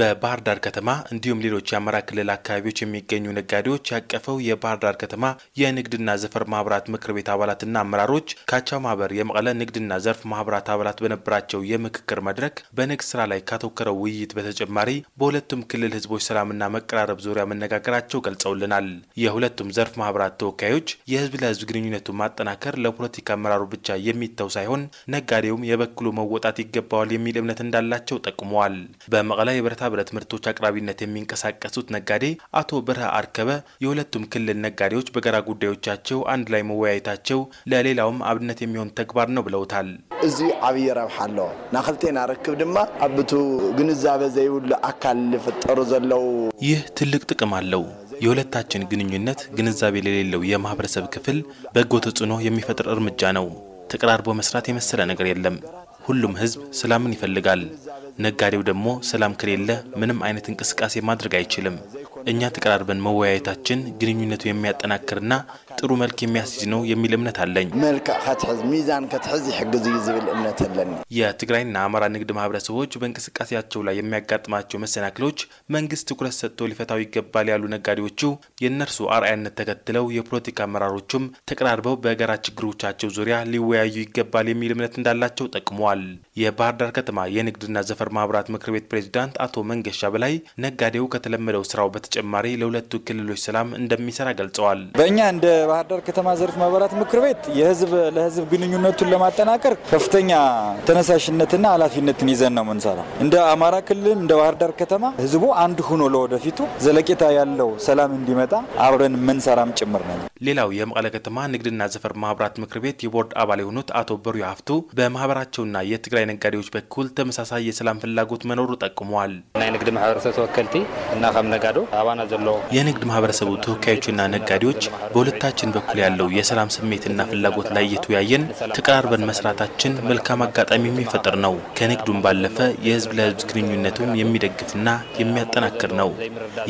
በባህር ዳር ከተማ እንዲሁም ሌሎች የአማራ ክልል አካባቢዎች የሚገኙ ነጋዴዎች ያቀፈው የባህር ዳር ከተማ የንግድና ዘርፍ ማህበራት ምክር ቤት አባላትና አመራሮች ካቻው ማህበር የመቀለ ንግድና ዘርፍ ማህበራት አባላት በነበራቸው የምክክር መድረክ በንግድ ስራ ላይ ካተኮረው ውይይት በተጨማሪ በሁለቱም ክልል ህዝቦች ሰላምና መቀራረብ ዙሪያ መነጋገራቸው ገልጸውልናል። የሁለቱም ዘርፍ ማህበራት ተወካዮች የህዝብ ለህዝብ ግንኙነቱን ማጠናከር ለፖለቲካ አመራሩ ብቻ የሚተው ሳይሆን ነጋዴውም የበኩሉ መወጣት ይገባዋል የሚል እምነት እንዳላቸው ጠቁመዋል። በመቀለ የብረታ ብረት ምርቶች አቅራቢነት የሚንቀሳቀሱት ነጋዴ አቶ ብርሃ አርከበ የሁለቱም ክልል ነጋዴዎች በጋራ ጉዳዮቻቸው አንድ ላይ መወያየታቸው ለሌላውም አብነት የሚሆን ተግባር ነው ብለውታል። እዚ ዓብይ ረብሓ ኣለዎ ናክልቴና ርክብ ድማ ኣብቱ ግንዛበ ዘይብሉ ኣካል ዝፍጠሩ ዘለው ይህ ትልቅ ጥቅም አለው። የሁለታችን ግንኙነት ግንዛቤ ለሌለው የማህበረሰብ ክፍል በጎ ተጽዕኖ የሚፈጥር እርምጃ ነው። ተቀራርቦ መስራት የመሰለ ነገር የለም። ሁሉም ህዝብ ሰላምን ይፈልጋል። ነጋዴው ደግሞ ሰላም ከሌለ ምንም አይነት እንቅስቃሴ ማድረግ አይችልም። እኛ ተቀራርበን መወያየታችን ግንኙነቱ የሚያጠናክርና ጥሩ መልክ የሚያስይዝ ነው የሚል እምነት አለኝ። መልክዕ ከትሕዝ ሚዛን ከትሕዝ ይሕግዙ እዩ ዝብል እምነት አለኒ። የትግራይና አማራ ንግድ ማህበረሰቦች በእንቅስቃሴያቸው ላይ የሚያጋጥማቸው መሰናክሎች መንግስት ትኩረት ሰጥቶ ሊፈታው ይገባል ያሉ ነጋዴዎቹ የእነርሱ አርአያነት ተከትለው የፖለቲካ አመራሮቹም ተቀራርበው በጋራ ችግሮቻቸው ዙሪያ ሊወያዩ ይገባል የሚል እምነት እንዳላቸው ጠቅመዋል። የባህር ዳር ከተማ የንግድና ዘፈር ማህበራት ምክር ቤት ፕሬዚዳንት አቶ መንገሻ በላይ ነጋዴው ከተለመደው ስራው በተጨማሪ ለሁለቱ ክልሎች ሰላም እንደሚሰራ ገልጸዋል። በእኛ እንደ የባህር ዳር ከተማ ዘርፍ ማህበራት ምክር ቤት የህዝብ ለህዝብ ግንኙነቱን ለማጠናከር ከፍተኛ ተነሳሽነትና ኃላፊነትን ይዘን ነው ምንሰራ እንደ አማራ ክልል እንደ ባህር ዳር ከተማ ህዝቡ አንድ ሆኖ ለወደፊቱ ዘለቄታ ያለው ሰላም እንዲመጣ አብረን ምንሰራም ጭምር ነው። ሌላው የመቀለ ከተማ ንግድና ዘርፍ ማህበራት ምክር ቤት የቦርድ አባል የሆኑት አቶ በሩ ሀፍቱ በማህበራቸውና የትግራይ ነጋዴዎች በኩል ተመሳሳይ የሰላም ፍላጎት መኖሩ ጠቁመዋል። ናይ ማህበረሰብ ተወከልቲ እና ከም ነጋዶ አባና ዘሎ የንግድ ማህበረሰቡ ተወካዮችና ነጋዴዎች በሁለታችን በኩል ያለው የሰላም ስሜትና ፍላጎት ላይ እየተወያየን ተቀራርበን መስራታችን መልካም አጋጣሚ የሚፈጥር ነው። ከንግዱም ባለፈ የህዝብ ለህዝብ ግንኙነቱም የሚደግፍና የሚያጠናክር ነው።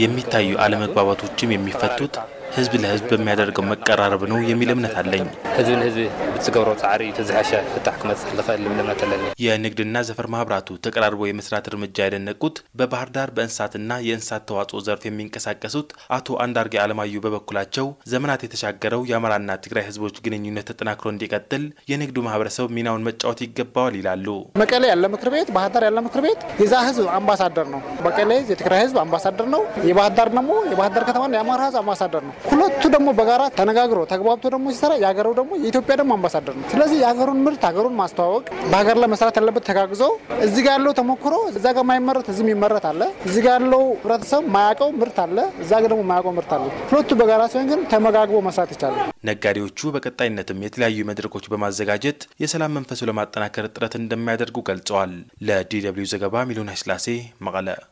የሚታዩ አለመግባባቶችም የሚፈቱት ህዝብ ለህዝብ በሚያደርገው ዳግም መቀራረብ ነው የሚል እምነት አለኝ። ህዝብን ህዝብ ብትገብረው ፃዕሪ ተዝሓሸ ፍታሕ ክመፅእ ዝኽእል ልብል እምነት የንግድና ዘፈር ማህበራቱ ተቀራርቦ የመስራት እርምጃ የደነቁት በባህር ዳር በእንስሳትና የእንስሳት ተዋጽኦ ዘርፍ የሚንቀሳቀሱት አቶ አንዳርጌ አለማዩ በበኩላቸው ዘመናት የተሻገረው የአማራና ትግራይ ህዝቦች ግንኙነት ተጠናክሮ እንዲቀጥል የንግዱ ማህበረሰብ ሚናውን መጫወት ይገባዋል ይላሉ። መቀሌ ያለ ምክር ቤት፣ ባህር ዳር ያለ ምክር ቤት የዛ ህዝብ አምባሳደር ነው። መቀሌ የትግራይ ህዝብ አምባሳደር ነው። የባህር ዳር ደግሞ የባህር ዳር ከተማ የአማራ ህዝብ አምባሳደር ነው። ሁለቱ ደግሞ በጋራ ተነጋግሮ ተግባብቶ ደግሞ ሲሰራ የሀገሩ ደግሞ የኢትዮጵያ ደግሞ አምባሳደር ነው። ስለዚህ የሀገሩን ምርት ሀገሩን ማስተዋወቅ በሀገር ላይ መስራት ያለበት ተጋግዞ እዚህ ጋር ያለው ተሞክሮ እዛ ጋር ማይመረት እዚህ የሚመረት አለ። እዚህ ጋር ያለው ህብረተሰብ ማያውቀው ምርት አለ፣ እዛ ጋር ደግሞ ማያውቀው ምርት አለ። ሁለቱ በጋራ ሲሆን ግን ተመጋግቦ መስራት ይቻላል። ነጋዴዎቹ በቀጣይነትም የተለያዩ መድረኮች በማዘጋጀት የሰላም መንፈሱ ለማጠናከር ጥረት እንደሚያደርጉ ገልጸዋል። ለዲ ደብልዩ ዘገባ ሚሊዮን ስላሴ። መቀለ